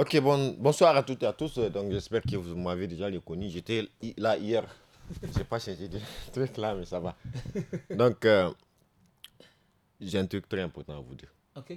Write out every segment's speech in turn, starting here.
Ok, bon, bonsoir à toutes et à tous. Euh, donc, j'espère que vous m'avez déjà reconnu. J'étais là hier. J'ai pas changé de truc là, mais ça va. Donc, euh, j'ai un truc très important à vous dire. Ok.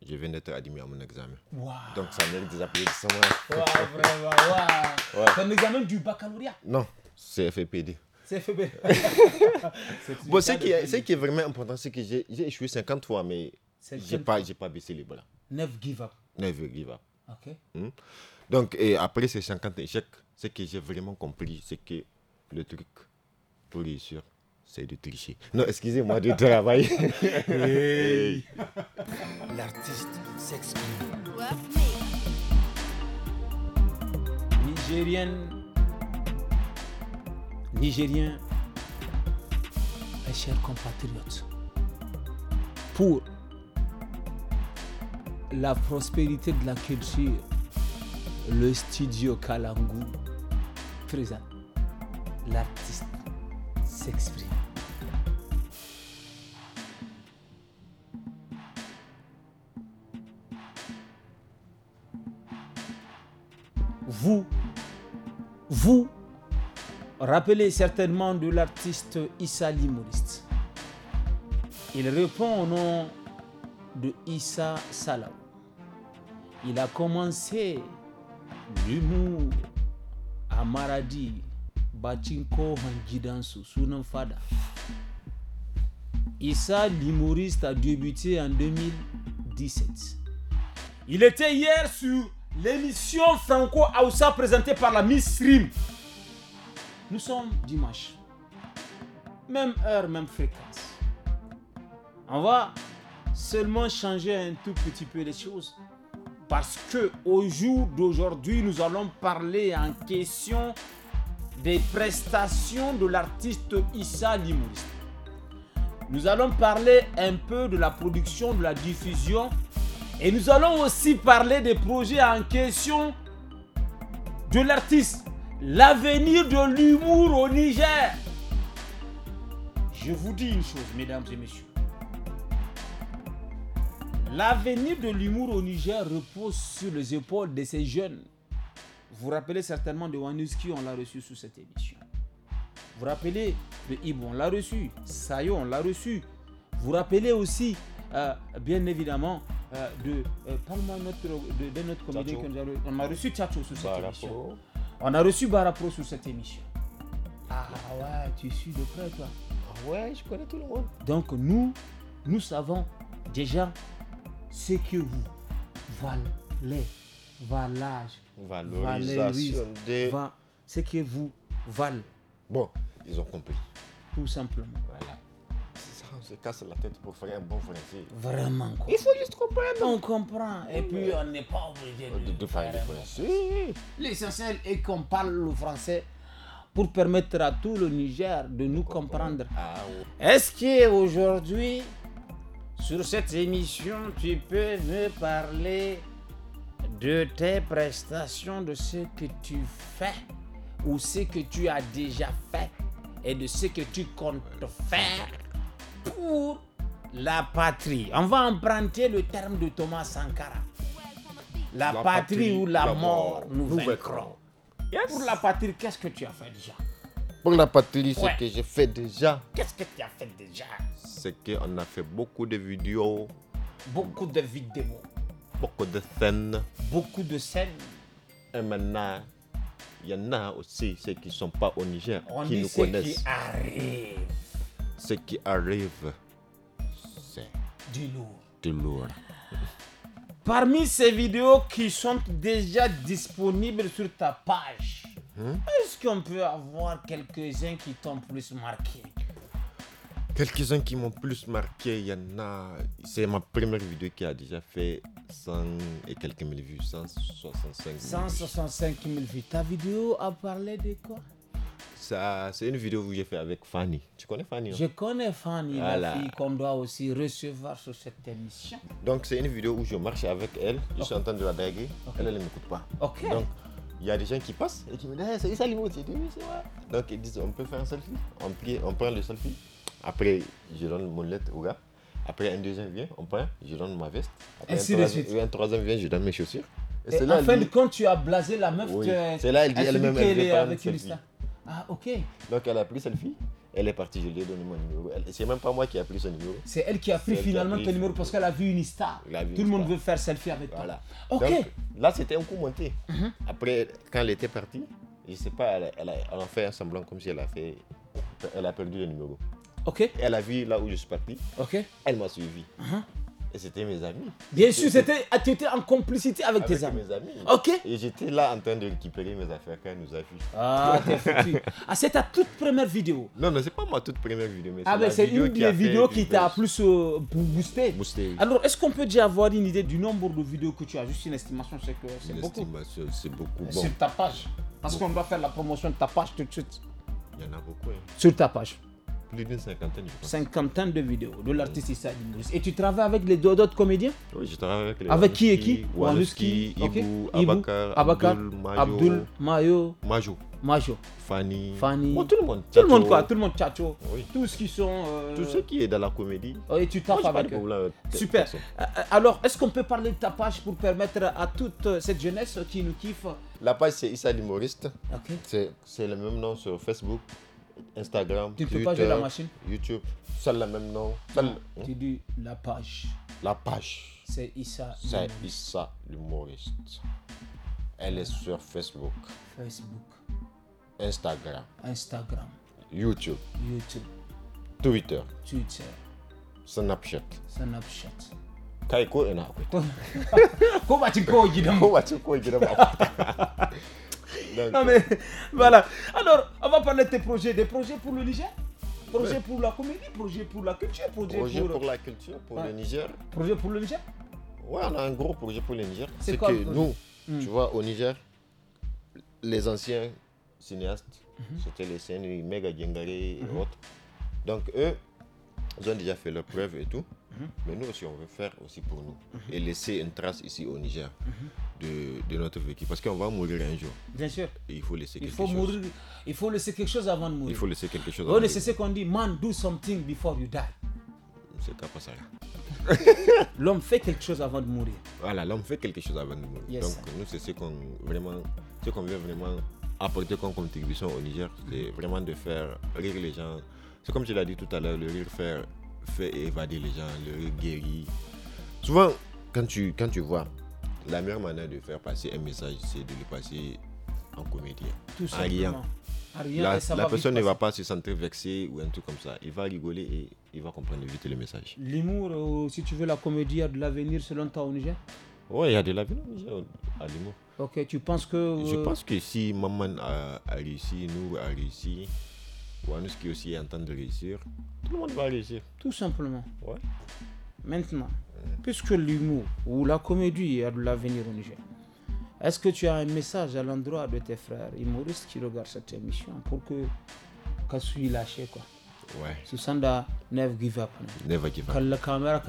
Je viens d'être admis à mon examen. Wow. Donc, ça mérite des applaudissements. Waouh, vraiment, waouh. C'est un examen du baccalauréat Non, c'est FEPD. C'est FEPD. bon, ce qui, est, qui est vraiment important, c'est que j'ai échoué 50 fois, mais j'ai pas, pas baissé les bras. Never give up. Never give up. Hmm. Donc, et après ces 50 échecs, ce que j'ai vraiment compris, c'est que le truc pour les réussir, c'est de tricher. Non, excusez-moi, de travailler. L'artiste s'exprime. Nigérienne, Nigérien, mes chers compatriotes, pour la prospérité de la culture, le studio Kalangu présent. L'artiste s'exprime. Vous, vous rappelez certainement de l'artiste Issa Limouriste. Il répond au nom de Issa Salaw. Il a commencé l'humour à maradi Bachinko kohon sunan fada Issa l'humoriste a débuté en 2017 il était hier sur l'émission Franco Aoussa présentée par la Miss Rim nous sommes dimanche même heure même fréquence on va seulement changer un tout petit peu les choses parce que au jour d'aujourd'hui, nous allons parler en question des prestations de l'artiste Issa Limouriste. Nous allons parler un peu de la production, de la diffusion et nous allons aussi parler des projets en question de l'artiste, l'avenir de l'humour au Niger. Je vous dis une chose, mesdames et messieurs. L'avenir de l'humour au Niger repose sur les épaules de ces jeunes. Vous vous rappelez certainement de Wanuski, on l'a reçu sur cette émission. Vous vous rappelez de Ibo, on l'a reçu. Sayo, on l'a reçu. Vous vous rappelez aussi, euh, bien évidemment, euh, de, euh, parle-moi de, de, notre comédien On a reçu Tchatcho sur cette émission. On a reçu Barapro sur cette émission. Ah ouais, tu suis de près, toi. Ah ouais, je connais tout le monde. Donc nous, nous savons déjà ce que vous valez, valage, valorisation de... ce que vous valez. Bon, ils ont compris. Tout simplement. Voilà. On se casse la tête pour faire un bon français. Vraiment. Quoi. Il faut juste comprendre. On comprend. Et puis, on n'est pas obligé de, faire le français. L'essentiel est qu'on parle le français pour permettre à tout le Niger de nous comprendre. Ah Est-ce qu'aujourd'hui, sur cette émission, tu peux me parler de tes prestations, de ce que tu fais ou ce que tu as déjà fait et de ce que tu comptes faire pour la patrie. On va emprunter le terme de Thomas Sankara. La, patrie, ou la, mort, nous, Pour la patrie, qu'est-ce que tu as fait déjà pour la patrie, ce que j'ai fait déjà. Qu'est-ce que tu as fait déjà C'est qu'on a fait beaucoup de vidéos. Beaucoup de vidéos. Beaucoup de scènes. Beaucoup de scènes. Et maintenant, il y en a aussi ceux qui ne sont pas au Niger, qui nous connaissent. connaissent. Qui arrive. Ce qui arrive, c'est du lourd. Du lourd. Parmi ces vidéos qui sont déjà disponibles sur ta page, Hein? Est-ce qu'on peut avoir quelques-uns qui t'ont plus marqué Quelques-uns qui m'ont plus marqué, il y en a. C'est ma première vidéo qui a déjà fait 100 et quelques mille vues, 165 000. 165 000 vues. Ta vidéo a parlé de quoi c'est une vidéo que j'ai fait avec Fanny. Tu connais Fanny hein? Je connais Fanny, voilà. la fille qu'on doit aussi recevoir sur cette émission. Donc, c'est une vidéo où je marche avec elle, je suis en train de la draguer, elle, elle ne m'écoute pas. Ok il y a des gens qui passent et qui me disent hey, eh, Salut Salimou, c'est lui, c'est moi. Donc ils disent On peut faire un selfie. On, prend le selfie. Après, je donne mon lettre au gars. Après, un deuxième vient, on prend, je donne ma veste. Après, et un, troisième, un troisième vient, je donne mes chaussures. Et, et en fin de compte, tu as blasé la meuf. Oui. C'est là, elle dit elle-même, elle, elle, elle, elle est avec Ah, ok. Donc, elle a pris le selfie. Elle est partie, je lui ai donné mon numéro. C'est même pas moi qui ai pris son numéro. C'est elle qui a pris finalement ton numéro parce qu'elle a vu une star. Tout le monde veut faire selfie avec toi. Ok. là, c'était un coup monté. Mhm. Après, quand elle était partie, je sais pas, elle a, fait un semblant comme si elle a fait. Elle a perdu le numéro. Ok. Elle a vu là où je suis parti. Ok. Elle m'a suivi. Mhm c'était mes amis. Bien sûr, c'était, ah, tu étais en complicité avec, tes amis. Ok. Et j'étais là en train de récupérer mes affaires quand elle nous a vu. Ah, t'es foutu. Ah, c'est ta toute première vidéo. Non, non, c'est pas ma toute première vidéo. Mais ah, ben c'est une des vidéos qui t'a plus euh, boosté. boosté. Alors, est-ce qu'on peut déjà avoir une idée du nombre de vidéos que tu as Juste une estimation, c'est que c'est beaucoup. c'est beaucoup. Sur ta page. Parce qu'on doit faire la promotion de ta page tout de suite. Il y en a beaucoup. Hein. Sur ta page plus d'une cinquantaine, je vidéos. Cinquantaine de vidéos de l'artiste Issa Dimouris. Et tu travailles avec les deux autres comédiens Oui, je travaille avec les. Avec qui et qui Wanuski, Ibu, Abakar, Abdul, Mayo. Majo. Majo. Fanny. Fanny. Oh, tout le monde. Tout le monde quoi Tout le monde, Chacho. Oui. Tous qui sont. Tous euh, Tout ce qui est dans la comédie. et tu tapes avec eux. Super. Euh, euh, alors, est-ce qu'on peut parler de ta page pour permettre à toute cette jeunesse qui nous kiffe La page, c'est Issa Dimoriste. C'est le même nom sur Facebook. Instagram, tu Twitter, YouTube, c'est le même nom. Tu dis la page. La page. C'est Issa. C'est Issa, l'humoriste. Elle est sur Facebook. Facebook. Instagram. Instagram. YouTube. YouTube. Twitter. Twitter. Snapchat. Snapchat. Kai ko ina akwai. Ko ba quoi, kowai gidan Ko ba Non mais voilà. Alors, on va parler de tes projets, des projets pour le Niger Projet pour la comédie, projet pour la culture, projet, projet pour... la culture, pour le Niger. Projet pour le Niger Ouais, on a un gros projet pour le Niger. C'est que nous, hmm. tu vois, au Niger, les anciens cinéastes, mhm. c'était les scènes Mega Djengari et mhm. autres. Donc eux, ils ont déjà fait leur preuve et tout. Mais nous aussi, on veut faire aussi pour nous mhm. et laisser une trace ici au Niger mhm. de, notre vécu. Parce qu'on va mourir un jour. Bien sûr. il faut laisser quelque il faut chose. Il faut laisser quelque chose avant de mourir. Il faut laisser quelque chose avant de mourir. C'est ce qu'on dit man, do something before you die. C'est pas ça. l'homme fait quelque chose avant de mourir. Voilà, l'homme fait quelque chose avant de mourir. Donc nous, c'est ce qu'on ce qu'on veut vraiment apporter comme contribution au Niger, c'est vraiment de faire rire les gens. C'est comme je l'ai dit tout à l'heure, le rire faire fait évader les gens, le guérir, Souvent, quand tu, quand tu vois, la meilleure manière de faire passer un message, c'est de le passer en comédien. Tout rien, La, personne ne va pas se sentir vexée ou un truc comme ça. Il va rigoler et il va comprendre vite le message. L'humour, euh, si tu veux, la comédie a de l'avenir selon toi au Niger Oui, il y a de l'avenir à l'humour. Ok, tu penses que. Je euh, pense que si Maman a, a réussi, nous a réussi, qui aussi est en train de réussir. Tout le monde va réussir. Tout simplement. Ouais. Maintenant, puisque l'humour ou la comédie a de l'avenir au Niger, est-ce que tu as un message à l'endroit de tes frères humoristes qui regardent cette émission pour que y lâche quoi Ouais. Susanda, never give up. Never give up. la caméra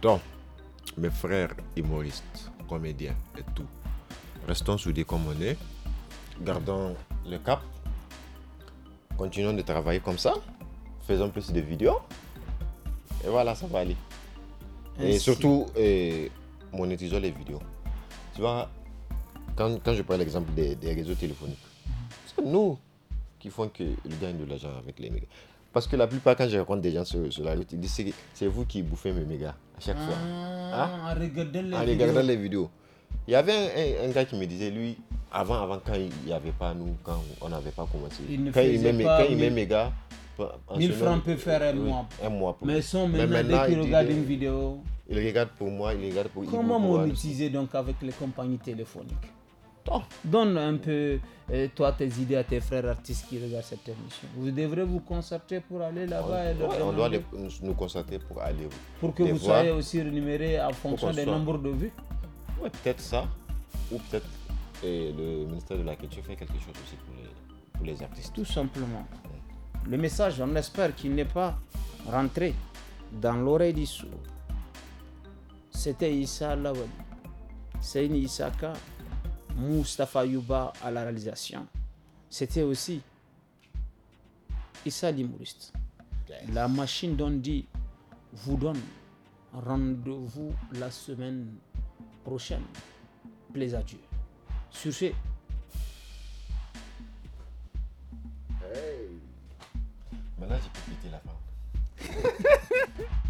Donc, mes frères humoristes, comédiens et tout, restons soudés comme on est, gardons le cap Continuons de travailler comme ça. Faisons plus de vidéos. Et voilà, ça va aller. Et surtout, monétisons les vidéos. Tu vois, quand, je prends l'exemple des, réseaux téléphoniques, c'est nous qui font que gagnent de l'argent avec les mégas. Parce que la plupart, quand je rencontre des gens sur, la route, ils disent c'est vous qui bouffez mes mégas à chaque fois. Ah, ah, en regardant les, vidéos. Il y avait un gars qui me disait, lui, avant, avant, quand il n'y avait pas nous, quand on n'avait pas commencé. quand, il met, quand il mes gars. 1000 francs peut faire un mois. Un mois pour Mais son maintenant, Mais dès qu'il regarde une vidéo. Il regarde pour moi, il regarde pour Comment monétiser donc avec les compagnies téléphoniques Donne un peu, euh, toi, tes idées à tes frères artistes qui regardent cette émission. Vous devrez vous concerter pour aller là-bas. On, on doit nous concerter pour aller. Pour que vous soyez aussi rémunérés en fonction des nombres de vues Oui, peut-être ça. Ou peut-être et le ministère de la Culture fait quelque chose aussi pour les, artistes. Tout simplement. Le message, on espère qu'il n'est pas rentré dans l'oreille du sourd. C'était Issa C'est une Isaka, Mustafa Yuba à la réalisation. C'était aussi Issa l'humoriste. La machine dit, vous donne rendez-vous la semaine prochaine. Plaise à Dieu. Sushi. Maintenant, j'ai pu quitter la femme.